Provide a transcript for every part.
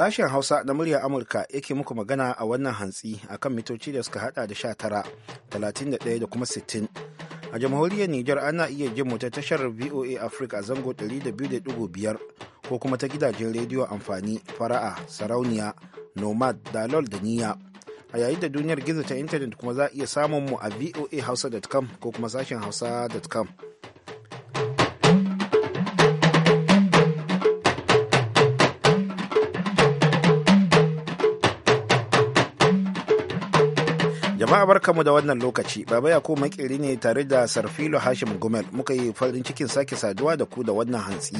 Sashen Hausa na muryar Amurka yake muku magana a wannan hantsi akan mitoci da suka hada da sha tara talatin da da kuma sittin A jamhuriyar Nijar ana iya jin mu ta tashar VOA Africa a zango da biyar ko kuma ta gidajen rediyo amfani fara'a, sarauniya, nomad, dalol da niyya. A yayin da duniyar gizo ta intanet kuma za a iya samun mu a voahausa.com ko kuma sashen hausa.com. jama'a barkamu da wannan lokaci baba ya ko makiri ne tare da sarfilo hashim gumel muka yi farin cikin sake saduwa da ku da wannan hantsi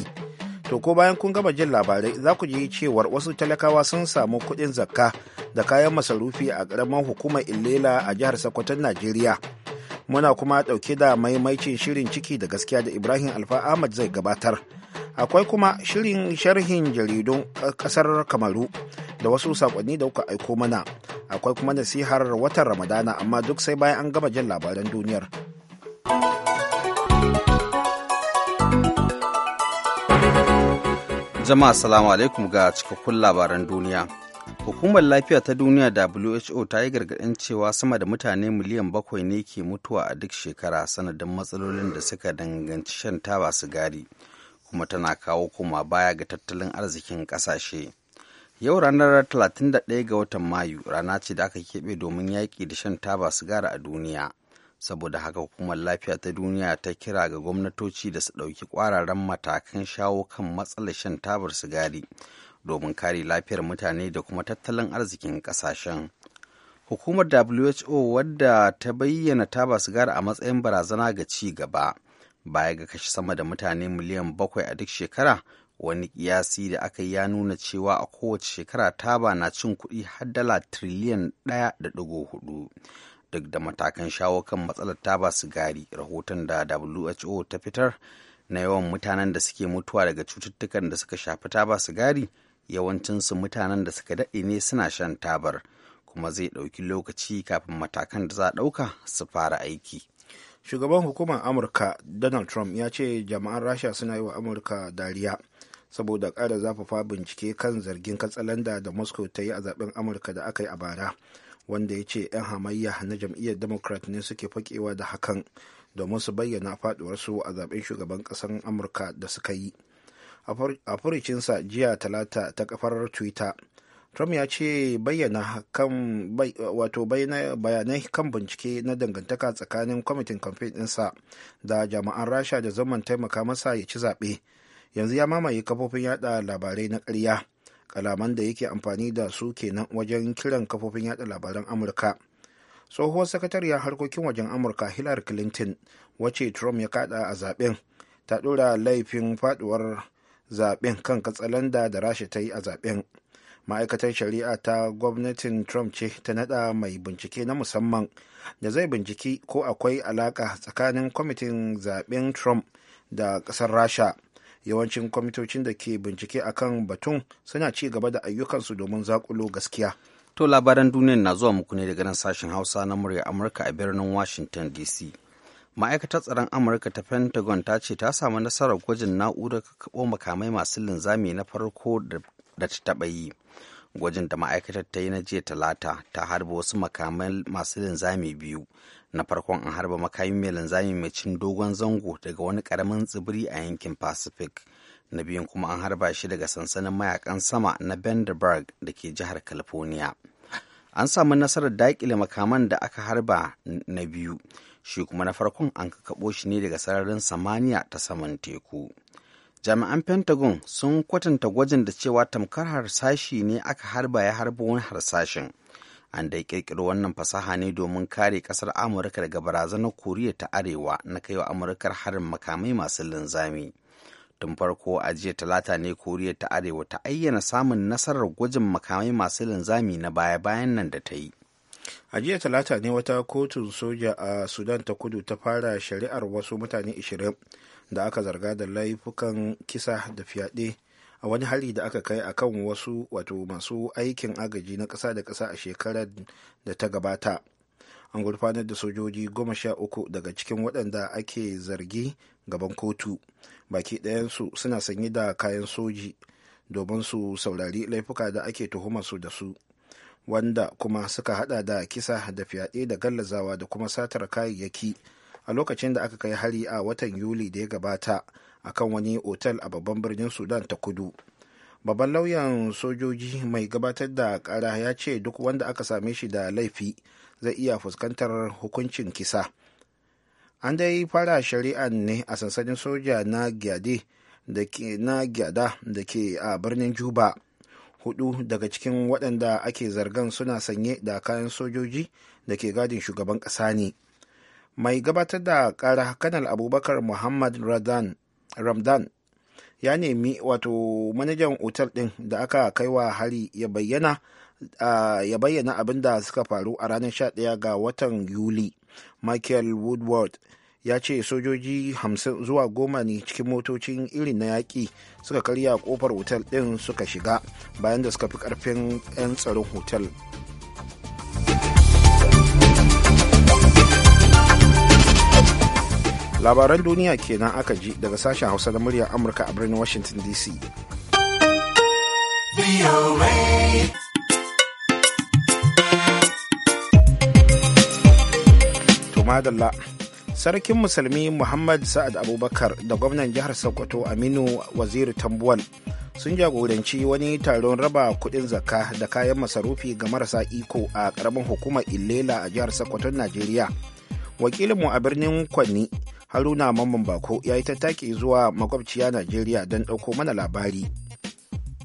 to ko bayan kun gama jin labarai za ku ji cewar wasu talakawa sun samu kuɗin zakka da kayan masarufi a karamar hukumar illela a jihar sokoton najeriya muna kuma ɗauke da maimaicin shirin ciki da gaskiya da ibrahim alfa ahmad zai gabatar akwai kuma shirin sharhin jaridun ƙasar kamaru da wasu sakonni da kuka aiko mana akwai kuma nasihar watan ramadana amma duk sai bayan an gama jin labaran duniyar jama'a salamu alaikum ga cikakkun labaran duniya hukumar lafiya ta duniya who ta yi gargaɗin cewa sama da mutane miliyan bakwai ne ke mutuwa a duk shekara sanadin matsalolin da suka danganci shan taba sigari kuma tana kawo koma baya ga tattalin arzikin ƙasashe. Yau ranar 31 ga watan Mayu rana ce da aka keɓe domin yaƙi da shan taba sigara a duniya. Saboda haka hukumar lafiya ta duniya ta kira ga gwamnatoci da su ɗauki ƙwararren matakan shawo kan matsalar shan tabar sigari domin kare lafiyar mutane da kuma tattalin arzikin ƙasashen. Hukumar WHO wadda ta bayyana taba sigari a matsayin barazana ga ci gaba baya ga kashe sama da mutane miliyan bakwai a duk shekara. wani kiyasi da aka yi ya nuna cewa a kowace shekara taba na cin kuɗi har dala tiriliyan 1.4 duk da matakan shawo kan matsalar taba sigari rahoton da who ta fitar na yawan mutanen da suke mutuwa daga cututtukan da suka shafi taba sigari yawancinsu mutanen da suka daɗe ne suna shan tabar kuma zai ɗauki lokaci kafin matakan da za a ɗauka su fara aiki shugaban hukumar amurka donald trump ya ce jama'an rasha suna yi wa amurka dariya saboda ƙara zafafa bincike kan zargin katsalanda da moscow ta yi a zaben amurka da aka yi a bara wanda ya ce 'yan hamayya na jam'iyyar democrat ne suke fakewa da hakan domin su bayyana faduwarsu a zaben shugaban ƙasar amurka da suka yi a furicinsa jiya talata ta kafar twitter trump ya ce bayyana kan wato bayanai kan bincike na dangantaka tsakanin kwamitin kamfen ɗinsa da jami'an rasha da zaman taimaka masa ya ci zaɓe yanzu ya mamaye kafofin yada labarai na ƙarya kalaman da yake amfani da su kenan wajen kiran kafofin yada labaran amurka tsohuwar sakatariyar harkokin wajen amurka hillary clinton wace trump ya kada a zaben ta ɗora laifin faduwar zaben kan katsalanda da rasha ta yi a zaben ma'aikatar shari'a ta gwamnatin trump ce ta nada mai bincike na musamman da zai binciki ko akwai alaka tsakanin kwamitin zaben trump da ƙasar rasha yawancin kwamitocin da ke bincike a kan batun suna ci gaba da ayyukansu domin zakulo gaskiya to labaran duniyar na zuwa muku ne daga nan sashen hausa na murya amurka a birnin washington dc ma'aikatar tsaron amurka ta pentagon ta ce ta samu nasarar gwajin na'urar kakkaɓo makamai masu linzami na farko da ta taɓa yi gwajin da ma'aikatar ta yi na jiya talata ta harba wasu makamai masu linzami biyu na farkon an harba makami mai linzami mai cin dogon zango daga wani karamin tsibiri a yankin pacific na biyun kuma an harba shi daga sansanin mayakan sama na benderberg da ke jihar california an samu nasarar daƙile makaman da aka harba na biyu shi kuma na farkon an kakaɓo shi ne daga sararin samaniya ta saman teku jami'an pentagon sun kwatanta gwajin da cewa tamkar harsashi ne aka harba ya harba wani harsashin an dai kirkiro wannan fasaha ne domin kare kasar amurka daga barazanar koriya ta arewa na kaiwa amurkar harin makamai masu linzami tun farko a jiya talata ne koriya ta arewa ta ayyana samun nasarar gwajin makamai masu linzami na baya-bayan nan da ta yi a jiya talata ne wata kotun soja a sudan ta kudu ta fara shari'ar wasu mutane 20 da aka zarga da laifukan kisa da fyaɗe a wani hari da aka kai a kan wasu wato masu aikin agaji na ƙasa da ƙasa a shekarar da ta gabata an gurfanar da sojoji goma sha uku daga cikin waɗanda ake zargi gaban kotu baki ɗayansu suna sanyi da kayan soji domin su saurari laifuka da ake tuhumar su da su wanda kuma suka hada da kisa da fyaɗe da gallazawa da kuma satar kayayyaki a lokacin da aka kai hari a watan yuli da ya gabata a kan wani otal a babban birnin sudan ta kudu babban lauyan sojoji mai gabatar da kara ya ce duk wanda aka same shi da laifi zai iya fuskantar hukuncin kisa an dai fara shari'an ne a sansanin soja na gyada da ke a birnin juba hudu daga cikin waɗanda ake zargan suna sanye da kayan sojoji da ke gadin shugaban ƙasa ne mai gabatar da ƙara kanal abubakar muhammad ramdan ya nemi wato manajan otal ɗin da aka kaiwa hari ya bayyana Uh, ya bayyana abin da suka faru a ranar 11 ga watan yuli michael woodward ya ce sojoji hamsin zuwa goma ne cikin motocin irin na yaƙi suka karya kofar otal ɗin suka shiga bayan da suka fi ƙarfin 'yan tsaron hotel labaran duniya kenan aka ji daga sashen hausa na muryar amurka a birnin washington dc to madalla sarkin musulmi muhammad sa'ad abubakar da gwamnan jihar sokoto aminu waziri tambuwal sun jagoranci wani taron raba kudin zakka da kayan masarufi ga marasa iko a karamin hukumar Ilela a jihar sokoton najeriya wakilinmu a birnin kwanni haruna mamman bako ya yi tattaki zuwa makwabciya najeriya don ɗauko mana labari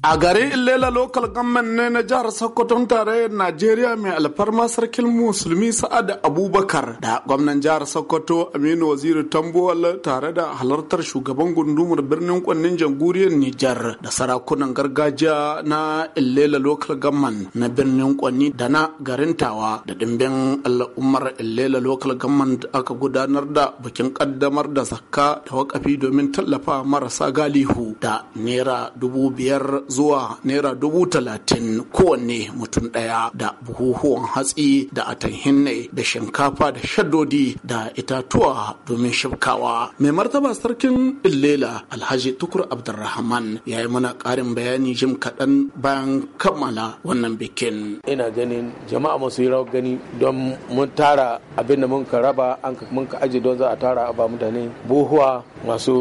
A garin Ilela lokal gamman ne na jihar Sokoton tarayyar Najeriya mai alfarma sarkin musulmi Sa'ad Abubakar da gwamnan jihar Sokoto Aminu Waziri Tambuwal tare da halartar shugaban gundumar birnin kwannin jamhuriyar Nijar da sarakunan gargajiya na Ilela lokal gamman na birnin kwanni da na garin Tawa da dimbin al'ummar Ilela lokal gamman da aka gudanar da bikin kaddamar da zakka da wakafi domin tallafa marasa galihu da naira dubu biyar zuwa naira dubu talatin kowanne mutum daya da buhuhuwan hatsi da atanhinne da shinkafa da shaddodi da itatuwa domin shafkawa mai martaba sarkin illela alhaji tukur Abdurrahman ya yi mana karin bayani jim kaɗan bayan kammala wannan bikin ina ganin jama'a masu yi gani don mun tara abin da mun ka raba an mun ka aji don za a tara a ba mutane buhuwa masu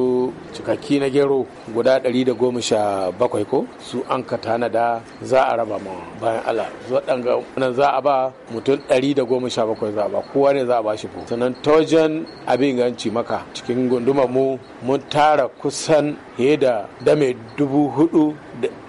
cikakki na gero guda ɗari da goma sha bakwai ko su an ka tanada za a raba ma bayan Allah waɗanga nan za a ba mutum 117 za a ba kowa ne za a ba shi ko sannan ta abin ganci maka cikin gunduma mu mun tara kusan heda da dame dubu hudu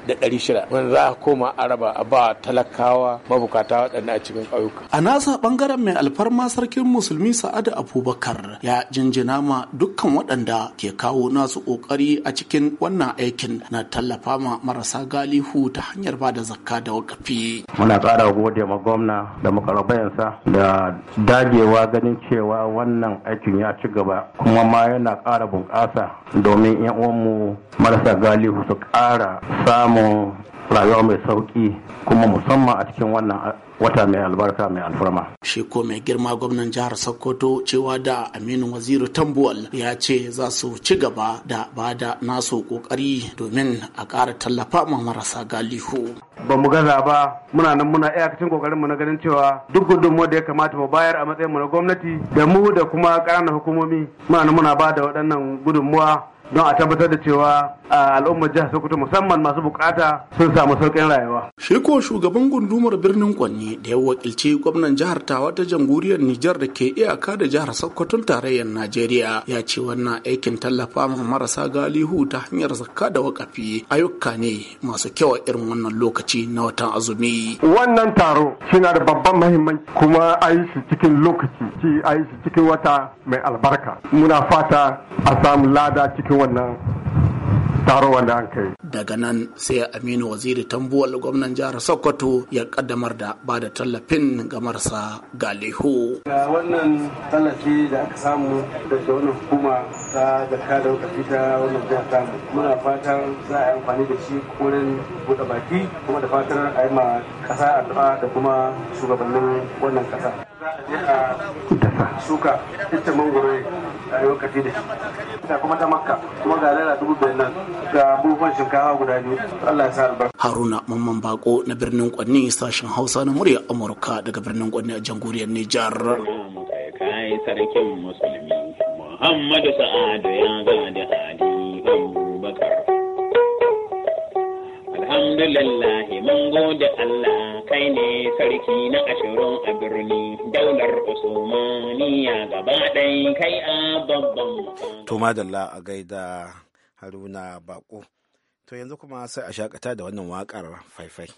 da ɗari shida wanda za a koma araba a ba talakawa mabukata waɗanda a cikin ƙauyuka. A nasa ɓangaren mai alfarma sarkin musulmi Sa'adu Abubakar ya jinjina ma dukkan waɗanda ke kawo nasu ƙoƙari a cikin wannan aikin na tallafa ma marasa galihu ta hanyar ba da zakka da wakafi. Muna ƙara gode ma gwamna da makarabayansa da dagewa ganin cewa wannan aikin ya ci gaba kuma ma yana ƙara bunƙasa domin 'yan uwanmu marasa galihu su ƙara samun samu rayuwa mai sauki kuma musamman a cikin wannan wata mai albarka mai alfarma. Shi ko mai girma gwamnan jihar Sokoto cewa da Aminu Waziri Tambuwal ya ce za su ci gaba da bada nasu kokari domin a ƙara tallafa ma marasa galihu. Ba mu gaza ba muna nan muna iyakacin kokarin mu na ganin cewa duk gudunmu da ya kamata mu bayar a matsayin mu na gwamnati da mu da kuma ƙananan hukumomi muna nan muna ba da waɗannan gudunmuwa don a tabbatar da cewa al'ummar jihar Sokoto musamman masu bukata sun samu sauƙin rayuwa. Shi ko shugaban gundumar birnin Kwanni da ya wakilci gwamnan jihar Tawa ta jamhuriyar Nijar da ke iyaka da jihar Sokoton tarayyar Najeriya ya ce wannan aikin tallafa ma marasa galihu ta hanyar zakka da wakafi ayyuka ne masu kyau a irin wannan lokaci na watan azumi. Wannan taro suna da babban mahimmanci kuma a yi shi cikin lokaci, a shi cikin wata mai albarka. Muna fata a samu lada cikin cikin wannan da an kai. Daga nan sai Aminu Waziri Tambuwal gwamnan jihar Sokoto ya kaddamar da ba da tallafin ga marasa galihu. wannan tallafi da aka samu daga wannan hukuma ta jarka da wakafi ta wannan jihar tamu. Muna fatan za a yi amfani da shi wurin buɗe baki kuma da fatan a yi ma ƙasa addu'a da kuma shugabannin wannan ƙasa. za a je a daga shuka ita mangoro a lokaci da kuma ta makka kuma ga naira dubu biyar nan ga buhun shinkafa guda biyu Allah ya sa albarka Haruna Mamman Bako na birnin Kwanni sashen Hausa na murya Amurka daga birnin Kwanni a jamhuriyar Nijar kai sarkin musulmi Muhammadu Sa'adu ya gada hadi alhamdulillah mun gode Allah kai ne sarki na ashirin a birni daular Usmaniya gaba ɗai kai a babban To madalla a gaida Haruna Bako. To yanzu kuma sai a shakata da wannan waƙar faifai.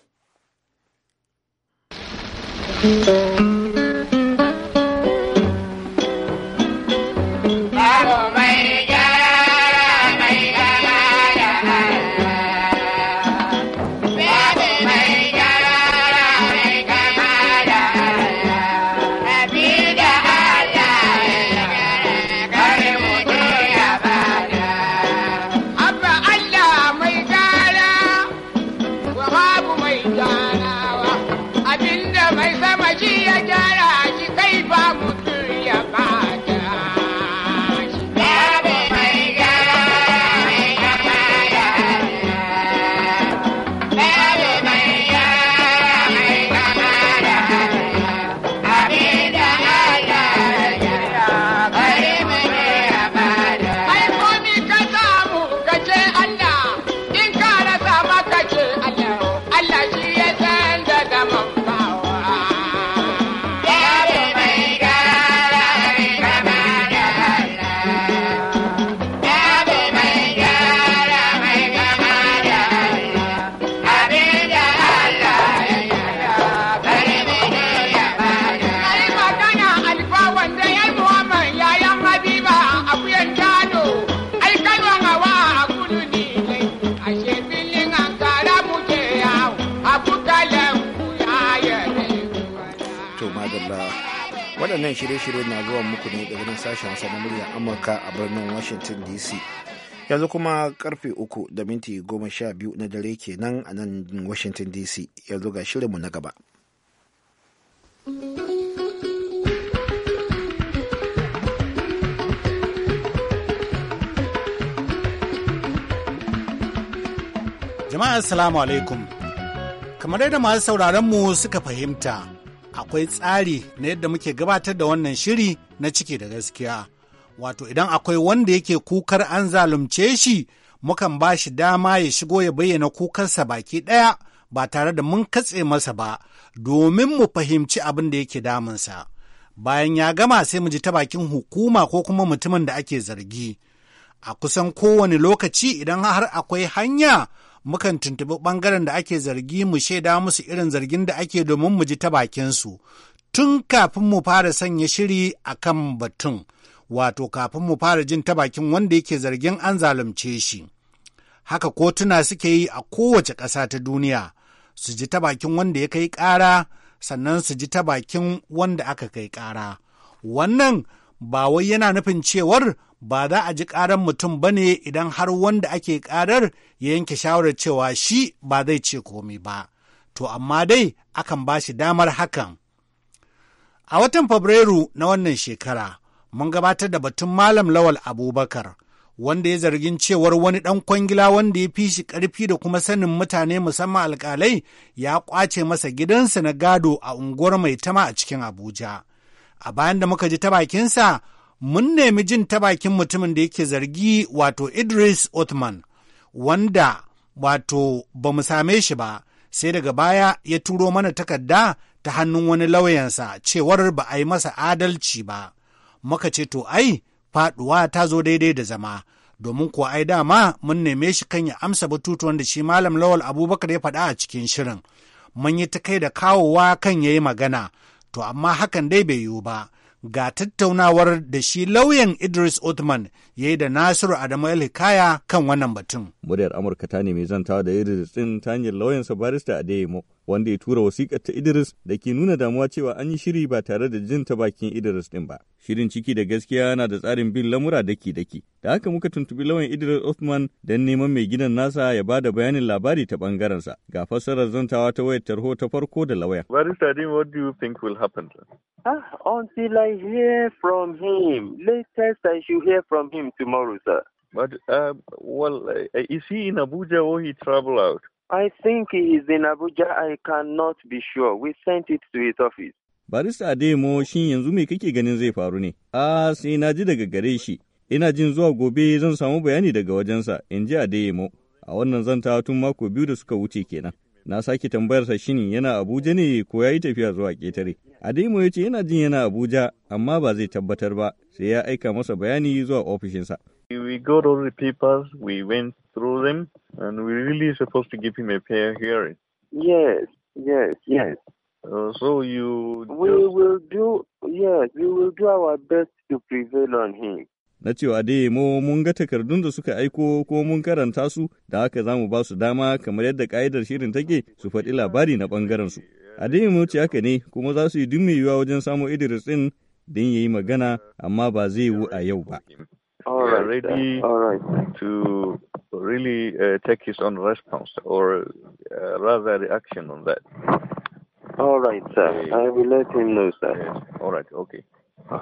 waɗannan shirye-shirye na zuwa muku ne daga sashen wasa na muryar amurka a birnin washington dc yanzu kuma karfe uku da minti goma sha biyu na dare kenan a nan washington dc yanzu ga shirinmu na gaba jama'a assalamu alaikum kamar yadda masu sauraron mu suka fahimta akwai tsari na yadda muke gabatar da wannan shiri na ciki da gaskiya. Wato idan akwai wanda yake kukar an zalunce shi, mukan ba shi dama ya shigo ya bayyana kukarsa baki ɗaya ba tare da mun katse masa ba, domin mu fahimci abin da yake damunsa. Bayan ya gama sai mu ji ta bakin hukuma ko kuma mutumin da ake zargi. A kusan kowane lokaci idan har akwai hanya mukan tuntuɓi ɓangaren da ake zargi mu shaida musu irin zargin da ake domin mu ji ta bakinsu tun kafin mu fara sanya shiri a kan batun, wato kafin mu fara jin ta bakin wanda yake zargin an zalunce shi. Haka kotuna suke yi a kowace ƙasa ta duniya, su ji ta bakin wanda ya kai ƙara, sannan su ji ta bakin wanda aka kai ƙara. Wannan ba wai yana nufin cewar ba za a ji ƙarar mutum ba ne idan har wanda ake ƙarar ya yanke shawarar cewa shi ba zai ce komai ba. To amma dai akan ba shi damar hakan. A watan Fabrairu na wannan shekara, mun gabatar da batun Malam Lawal Abubakar, wanda ya zargin cewar wani ɗan kwangila wanda ya fi shi ƙarfi da kuma sanin mutane musamman alƙalai ya ƙwace masa gidansa na gado a unguwar mai tama a cikin Abuja. A bayan da muka ji ta bakinsa, mun nemi jin ta bakin mutumin da yake zargi wato Idris Othman, wanda wato ba mu same shi ba, sai daga baya ya turo mana takarda ta hannun wani lauyansa cewar ba a yi masa adalci ba. Muka ce to ai, faɗuwa ta zo daidai da zama. domin kuwa ai dama mun neme shi kan ya amsa batutuwan da shi malam lawal abubakar ya faɗa a cikin shirin mun yi ta kai da kawowa kan ya yi magana to amma hakan dai bai yiwu ba ga tattaunawar da shi lauyan Idris Othman ya yi da Nasiru Adamu Hikaya kan wannan batun. Muryar Amurka ta nemi zantawa da Idris ɗin ta hanyar lauyansa barista a Adeyemo. wanda ya tura wasiƙar ta Idris da ke nuna damuwa cewa an yi shiri ba tare da jin ta bakin Idris ɗin ba. Shirin ciki da gaskiya yana da tsarin bin lamura daki-daki. Da haka muka tuntubi lawan Idris Othman don neman mai gidan nasa ya ba da bayanin labari ta bangarensa. Ga fassarar zantawa ta wayar tarho ta farko da lauya. Barista Dim, what do you think will happen? Ah, until I hear from him, latest I should hear from him tomorrow, sir. But, uh, well, uh, is he in Abuja or he travel out? I think he is in Abuja. I cannot be sure. We sent it to his office. Barista Ademo shin yanzu me kake ganin zai faru ne? Ah, sai na ji daga gare shi. Ina jin zuwa gobe zan samu bayani daga wajensa, in ji Ademo. A wannan zanta tun mako biyu da suka wuce kenan. Na sake tambayar shi shin yana Abuja ne ko ya yi tafiya zuwa ƙetare. Ademo ya ce yana jin yana Abuja amma ba zai tabbatar ba sai ya aika masa bayani zuwa ofishinsa. We got all the papers, we went through them, and we're really supposed to give him a fair hearing. Yes, yes, yes. yes. Uh, so you. We just... will do. Yes, we will do our best to prevail on him. Na cewa dai mu mun ga takardun da suka aiko ko mun karanta su da haka za mu ba su dama kamar yadda ka'idar shirin take su faɗi labari na ɓangaren su. A Adeyemo ce haka ne kuma za su yi duk yiwuwa wajen samu Idris ɗin don ya yi magana amma ba zai yi a yau ba. All right, all right. to really uh, take his own response or uh, rather reaction on that. All right, sir. Okay. I will let him know, sir. Yes. All right, okay. All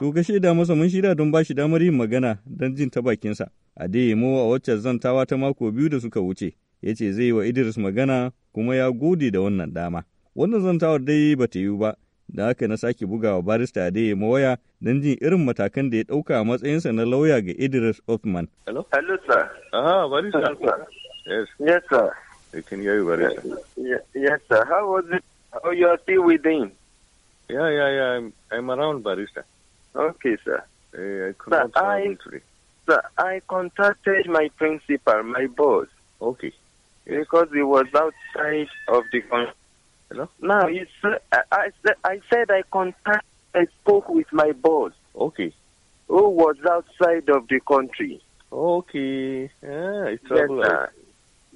To ga shaida masa mun shida don ba shi damar yin magana don jin ta bakinsa. A Adeyemo a wacce zantawa ta mako biyu da suka wuce, ya ce zai yi wa Idris magana kuma ya gode da wannan dama. Wannan zantawar dai ba ta yiwu ba, da na sake barista Moya don jin irin matakan da ya ɗauka a matsayinsa na lauya ga Idris Othman. Hello? Hello, sir. Ah, barista. Yes. Yes, sir. We can hear you, barista. Yes, sir. How was it? How you are still within? Yeah, yeah, yeah. I'm, I'm around, barista. Okay, sir. Hey, I could sir, not I, Sir, I contacted my principal, my boss. Okay. Because he was outside of the country Hello? Now, you I, I said I contact, I spoke with my boss. Okay. Who was outside of the country. Okay. Yeah, it's yes, sir.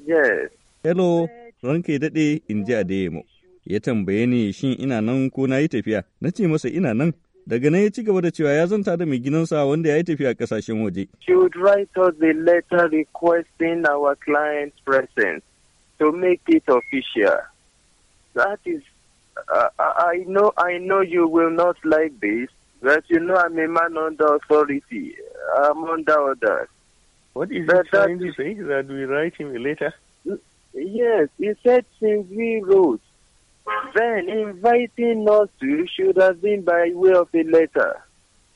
Yes. Hello, ranka daɗe in ji Adeyemo. Ya tambaye ni shin ina nan ko na yi tafiya, na ce masa ina nan. Daga nan ya ci gaba da cewa ya zanta da mai gidansa wanda ya yi tafiya ƙasashen waje. Should write us a letter requesting our client's presence to make it official. that is, uh, I know, I know you will not like this, but you know I'm a man under authority. I'm under orders. What is he trying to say? That we write him a letter? Yes, he said since we wrote. Then inviting us to should have been by way of a letter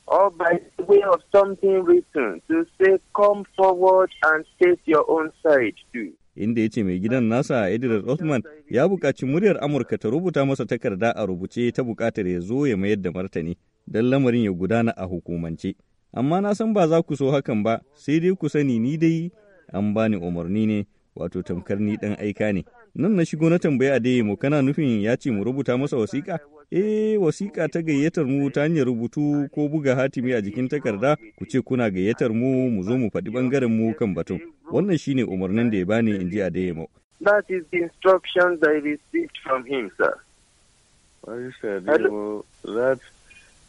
or by way of something written to say, come forward and state your own side too. inda ya ce mai gidan nasa Edward Othman ya buƙaci muryar Amurka ta rubuta masa takarda a rubuce ta buƙatar ya zo ya mayar da martani don lamarin ya gudana a hukumance. Amma na san ba za ku so hakan ba sai dai ku sani ni dai an bani umarni ne wato tamkar ni dan aika ne. Nan na shigo na tambaya a dai mu kana nufin ya ce mu rubuta masa wasiƙa? Eh wasiƙa ta gayyatar mu ta hanyar rubutu ko buga hatimi a jikin takarda ku ce kuna gayyatar mu mu zo mu faɗi ɓangaren mu kan batun. Wannan shine umarnin da ya bani in ji a Adeyemo. That is the that I received from him, sir. you Adeyemo, that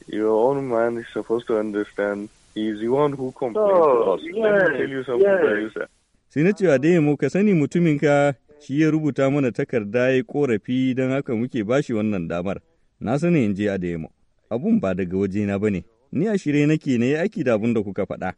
your own man is supposed to understand he is the one who complains so, to us. Yes, oh, Let me tell you something, yes. sir. Sai na cewa Adeyemo ka sani mutuminka shi ya rubuta mana takarda ya korafi don haka muke bashi wannan damar. na sani in je a demo abun ba daga wajena ba ne ni a shirye nake ne aiki da abun da kuka faɗa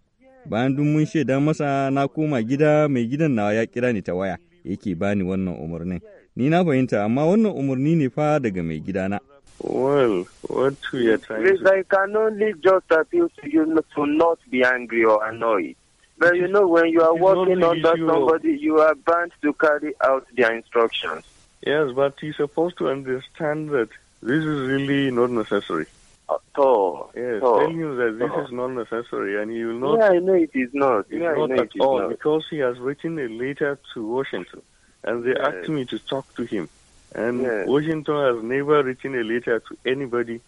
bayan duk mun shaida masa na koma gida mai gidan nawa ya kira ni ta waya yake bani wannan umarnin ni na fahimta amma wannan umarni ne fa daga mai gidana Well, what to your trying Please, I can only just appeal to you to not be angry or annoyed. But you know, when you are it's working under issue. somebody, you are bound to carry out their instructions. Yes, but you're supposed to understand that This is really not necessary. At all. Yes, so, telling you that this is not necessary and you will not. Yeah, I know it is not. It's yeah, not at all not. because he has written a letter to Washington and they yes. asked me to talk to him. And yes. Washington has never written a letter to anybody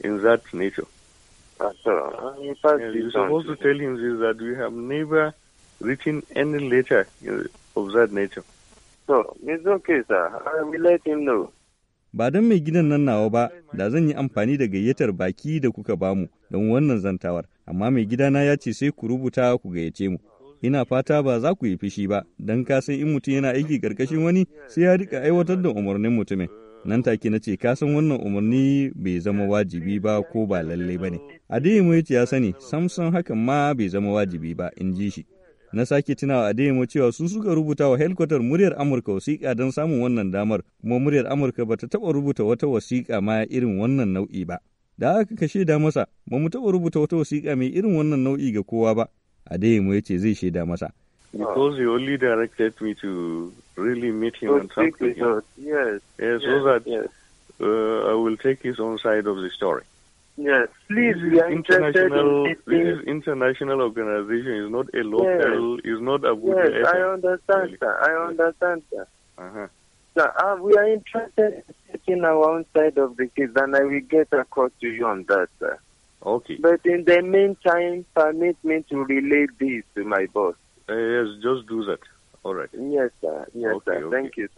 in that nature. At all. Yes, you're supposed to, to tell him this that we have never written any letter of that nature. So, it's okay, sir. I will let him know. ba don mai gidan nan nawa ba da zan yi amfani da gayyatar baki da kuka bamu don wannan zantawar amma mai gidana ya ce sai ku rubuta ku gayyace mu ina fata ba za ku yi fishi ba don ka san in mutum yana aiki karkashin wani sai ya rika aiwatar da umarnin mutumin nan take na ce ka san wannan umarni bai zama wajibi ba ko ba lalle ba ne adeyemo ya ce ya sani samson hakan ma bai zama wajibi ba in ji shi na sake tunawa Adeyemo cewa su suka rubuta wa helkwatar muryar Amurka wasiƙa don samun wannan damar, kuma muryar Amurka ba ta taɓa rubuta wata wasiƙa ma irin wannan nau'i ba. Da aka kashe da masa, ba mu taɓa rubuta wata wasiƙa mai irin wannan nau'i ga kowa ba. Adeyemo ya ce zai shaida masa. Because you only directed me to really meet him and talk to so that uh, I will take his own side of the story. Yes, please, we are in This is international organization. It's not a local. Yes. It's not Abuja. Yes, I understand, really. sir. I understand, sir. Uh-huh. Sir, uh, we are interested in our own side of the case, and I will get across to you on that, sir. Okay. But in the meantime, permit me to relay this to my boss. Uh, yes, just do that.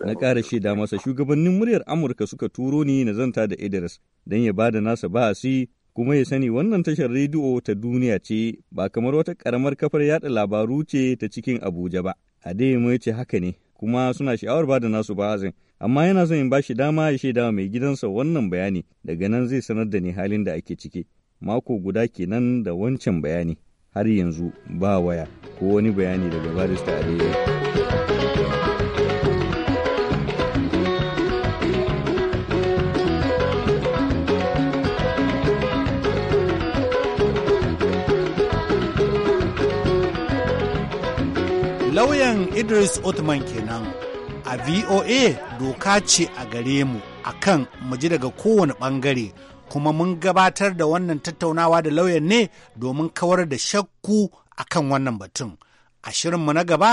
Na ƙara shaida masa shugabannin muryar Amurka suka turo ni na zanta da Idris don ya ba da nasa baasi kuma ya sani wannan tashar rediyo ta duniya ce ba kamar wata ƙaramar kafar yada labaru ce ta cikin Abuja ba. a dai ya ce haka ne kuma suna sha'awar bada nasu ba'asi amma yana son in bashi dama ya shaida mai gidansa wannan bayani daga nan zai sanar da ni halin da ake ciki. Mako guda kenan da wancan bayani. har yanzu ba waya ko wani bayani daga barista aliyu lauyan idris othman kenan a voa doka ce a gare mu akan kan daga kowane bangare kuma mun gabatar da wannan tattaunawa da lauyan ne domin kawar da shakku a kan wannan batun. A shirinmu na gaba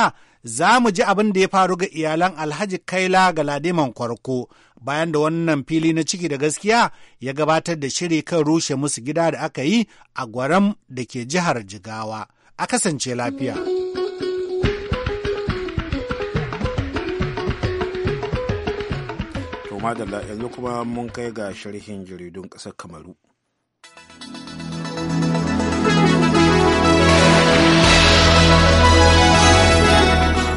za mu ji abin da ya faru ga iyalan Alhaji Kaila Galadiman Kwarko bayan da wannan fili na ciki da gaskiya ya gabatar da shiri kan rushe musu gida da aka yi a gwaram da ke jihar Jigawa. A kasance lafiya. madalla yanzu kuma mun kai ga sharhin jaridun ƙasar kamaru.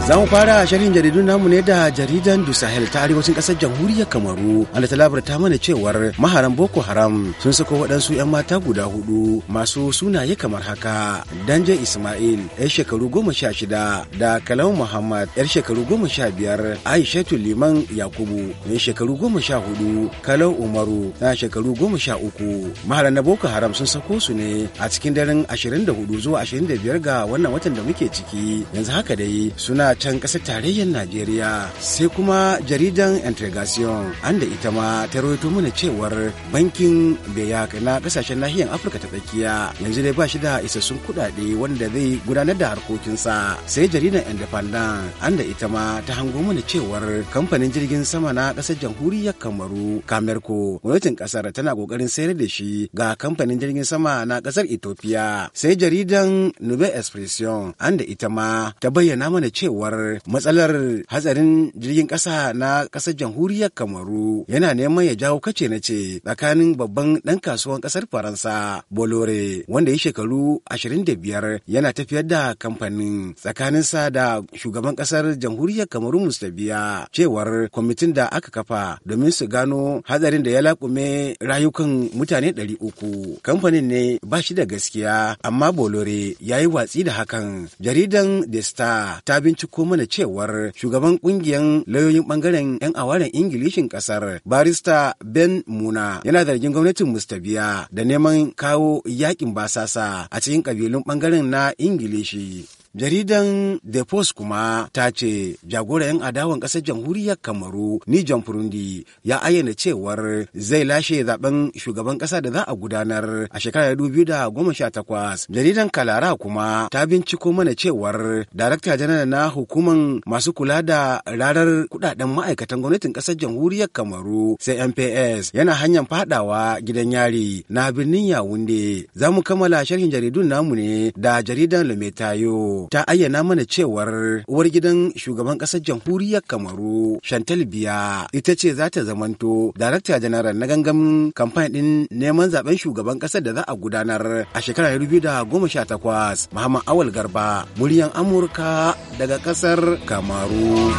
Za mu fara shirin jaridun namu ne da jaridan Du Sahel ta arewacin kasar jamhuriyar Kamaru, wanda ta labarta mana cewar maharan Boko Haram sun sako waɗansu 'yan mata guda hudu masu sunaye kamar haka. Danje Ismail, 'yar shekaru goma sha shida, da Kalau Muhammad, 'yar shekaru goma sha biyar, Aishatu Liman Yakubu, mai shekaru goma sha hudu, Kalau Umaru, na shekaru goma sha uku. Maharan na Boko Haram sun sako su ne a cikin daren 24 zuwa 25 ga wannan watan da muke ciki. Yanzu haka dai suna can ƙasar tarayyar Najeriya sai kuma jaridan Integration an da ita ma ta rawaito mana cewar bankin Beyak na ƙasashen nahiyar Afirka ta tsakiya yanzu dai ba shi da isassun kuɗaɗe wanda zai gudanar da harkokinsa sai jaridan Independent an da ita ma ta hango mana cewar kamfanin jirgin sama na ƙasar jamhuriyar Kamaru Kamerko gwamnatin ƙasar tana ƙoƙarin sayar da shi ga kamfanin jirgin sama na kasar Ethiopia sai jaridan Nouvelle Expression an da ita ma ta bayyana mana cewar. kamar matsalar hatsarin jirgin ƙasa na ƙasar jamhuriyar kamaru yana neman ya jawo kace na ce tsakanin babban ɗan kasuwan ƙasar faransa bolore wanda ya shekaru 25 yana tafiyar da kamfanin tsakaninsa da shugaban ƙasar jamhuriyar kamaru mustabiya cewar kwamitin da aka kafa domin su gano hatsarin da ya laƙume rayukan mutane 300 kamfanin ne ba shi da gaskiya amma bolore ya yi watsi da hakan jaridan the star ta binciko aiko mana cewar shugaban kungiyar lauyoyin bangaren 'yan awaren Ingilishin kasar barista Ben Muna yana zargin gwamnatin Mustabiya da neman kawo yakin basasa a cikin kabilun bangaren na Ingilishi. Jaridan The Post kuma ta ce jagora 'yan adawan ƙasar jamhuriyar Kamaru ni John Furundi ya ayyana cewar zai lashe zaben shugaban ƙasa da za a gudanar a shekarar 2018. Jaridan Kalara kuma ta binciko mana cewar Darakta Janar na hukuman masu kula da rarar kudaden ma'aikatan gwamnatin ƙasar jamhuriyar Kamaru sai NPS yana hanyar fadawa gidan yari na birnin Yawunde. Za mu kammala sharhin jaridun namu ne da jaridan Lumetayo. ta ayyana mana cewar uwar gidan shugaban ƙasar jamhuriyar Kamaru Shantal Biya ita ce za ta zamanto Darakta Janaral na gangamin kamfani ɗin neman zaben shugaban ƙasar da za a gudanar a shekarar 2018 Muhammad Awal Garba muryan Amurka daga ƙasar Kamaru.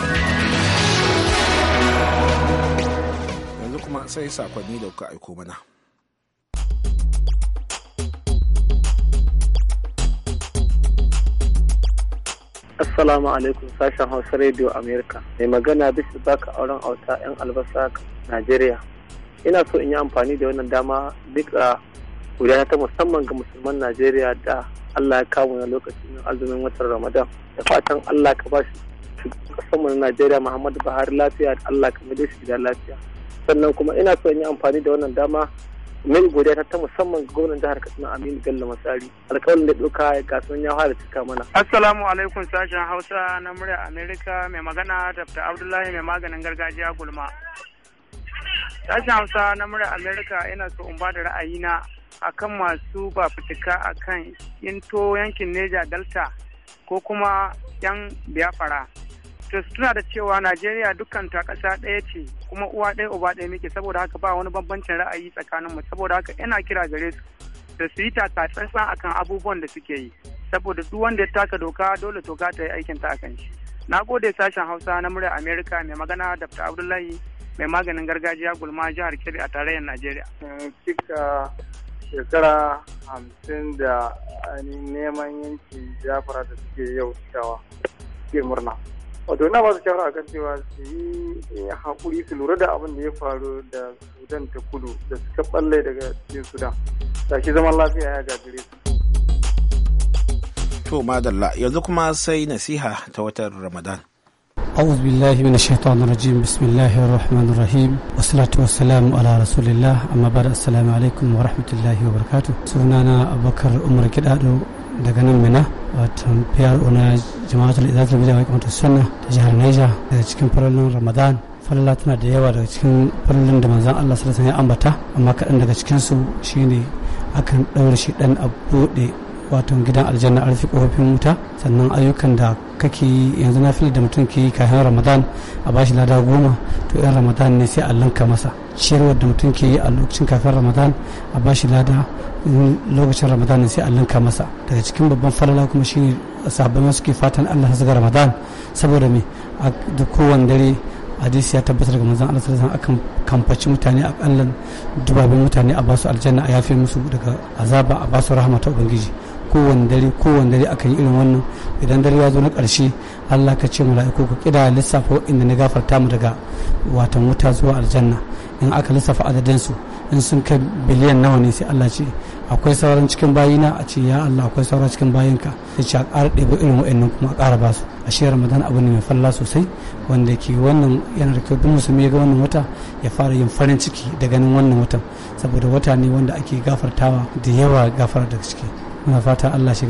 Yanzu kuma sai sakonni da kuka aiko mana. Assalamu alaikum sashen Hausa Radio America. Mai magana bisu baka auren auta 'yan albasa Najeriya. Ina so in yi amfani da wannan dama a gudana ta musamman ga musulman Najeriya da Allah ya kawo na lokacin azumin watan Ramadan. Da fatan Allah ka ba shi musamman Najeriya Muhammadu Buhari lafiya da Allah ka mai shi da lafiya. Sannan kuma ina so in yi amfani da wannan dama mai godiya ta musamman ga gwamnan jihar katsina aminu bello masari alkawarin da ɗauka gasar ya fara cika mana assalamu alaikum sashen hausa na murya amerika mai magana dr abdullahi mai maganin gargajiya gulma sashen hausa na murya amerika yana so in ba da ra'ayina akan masu ba fitika akan into yankin neja delta ko kuma yan biyafara to su tuna da cewa najeriya dukkan ta kasa ɗaya ce kuma uwa ɗaya uba ɗaya muke saboda haka ba wani bambancin ra'ayi tsakanin mu saboda haka ina kira gare su da su yi taka tsantsan akan abubuwan da suke yi saboda duk wanda ya taka doka dole toka ta yi aikin ta akan shi na gode sashen hausa na murya amerika mai magana dr abdullahi mai maganin gargajiya gulma jihar kebbi a tarayyar najeriya cika shekara hamsin da neman yankin jafara da suke yau cikawa ke murna wato na ba su shawara akan cewa su yi eh, haƙuri su lura da abin da ya faru da sudan ta kudu da suka balle daga cikin sudan da shi zaman lafiya ya gajire su to madalla yanzu kuma sai nasiha ta watan ramadan أعوذ بالله من الشيطان الرجيم بسم الله الرحمن الرحيم والصلاة والسلام على رسول الله أما بعد السلام عليكم ورحمة الله وبركاته سرنانا أبو بكر أمر كدادو daga nan mina wato PRO na jama'atul izatul bid'a wa iqamatus sunna ta jihar Niger daga cikin farallin Ramadan falala tana da yawa daga cikin farallin da manzon Allah sallallahu alaihi ya ambata amma kaɗan daga cikin su shine akan ɗaure shi ɗan a buɗe wato gidan aljanna arfi kofofin wuta sannan ayyukan da kake yanzu na fili da mutum ke yi kafin ramadan a bashi lada goma to yan ramadan ne sai allanka masa ciyarwar da mutum ke yi a lokacin kafin ramadan a bashi lada lokacin ramadan ne sai allanka masa daga cikin babban falala kuma shine sahabbai masu ke fatan allah su ga ramadan saboda me a kowane dare hadisi ya tabbatar ga manzon Allah sallallahu alaihi wasallam akan kamfaci mutane a kallan dubabin mutane a basu aljanna a yafe musu daga azaba a basu rahama ta ubangiji kowane dare kowane dare aka yi irin wannan idan dare ya zo na ƙarshe Allah ka ce mala'iku ku kida lissafa inda na gafarta mu daga watan wuta zuwa aljanna in aka lissafa adadin su in sun kai biliyan nawa ne sai Allah ce akwai sauran cikin bayina a ce ya Allah akwai sauran cikin bayinka sai ce a ƙara ɗebo irin wa'annan kuma a ƙara ba a shi Ramadan abu ne mai falla sosai wanda ke wannan yana da kyau duk musulmi ya ga wannan wata ya fara yin farin ciki da ganin wannan watan saboda wata ne wanda ake gafartawa da yawa gafara daga ciki muna fata Allah shi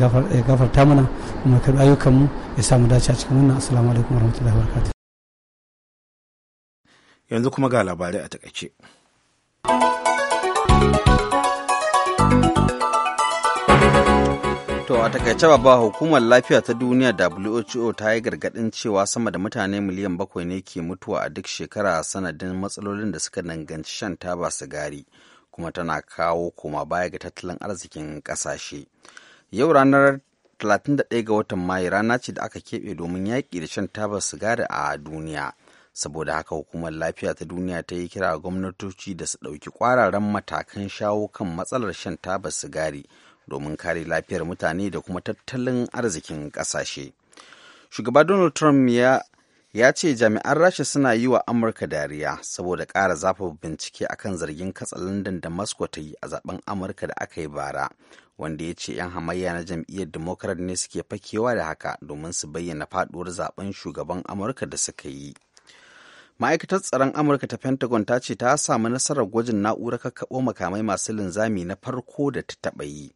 gafarta mana mu karbi ayyukanmu ya samu dace a cikin wannan assalamu alaikum wa wabarakatuh yanzu kuma ga labarai a takaice To a takaice babba hukumar lafiya ta duniya WHO ta yi gargaɗin cewa sama da mutane miliyan bakwai ne ke mutuwa a duk shekara sanadin matsalolin da suka danganci shan taba sigari. kuma tana kawo koma baya ga tattalin arzikin ƙasashe. Yau ranar 31 ga watan Mayu rana ce da aka keɓe domin yaƙi da shan tabar sigari a duniya. Saboda haka hukumar lafiya ta duniya ta yi kira gwamnatoci da su ɗauki ƙwararren matakan shawo kan matsalar shan tabar sigari domin kare lafiyar mutane da kuma tattalin arzikin ƙasashe. Shugaba Donald Trump ya ya ce jami'an rasha suna yi wa amurka dariya saboda ƙara zafa bincike a kan zargin katsa london da moscow ta yi a zaben amurka da aka yi bara wanda ya ce 'yan hamayya na jam'iyyar democrat ne suke fakewa da haka domin su bayyana faduwar zaben shugaban amurka da suka yi ma'aikatar tsaron amurka ta pentagon ta ce ta samu nasarar gwajin na'urar kakkaɓo makamai masu linzami na farko da ta taɓa yi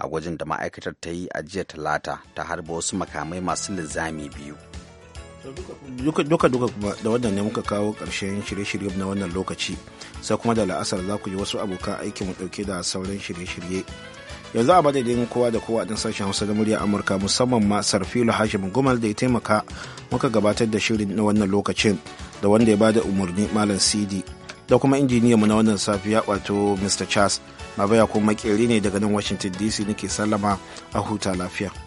a gwajin da ma'aikatar ta yi a jiya talata ta harba wasu makamai masu linzami biyu duka duka kuma da wannan ne muka kawo karshen shirye-shirye na wannan lokaci sai kuma da la'asar za ku ji wasu abokan aiki mu ɗauke da sauran shirye-shirye yanzu a madadin kowa da kowa din sashen hausa da murya amurka musamman ma sarfilo hashim gumal da ya taimaka muka gabatar da shirin na wannan lokacin da wanda ya bada umarni malam cd da kuma mu na wannan safiya wato mr charles mabaya kuma makeri ne daga nan washington dc nake sallama a huta lafiya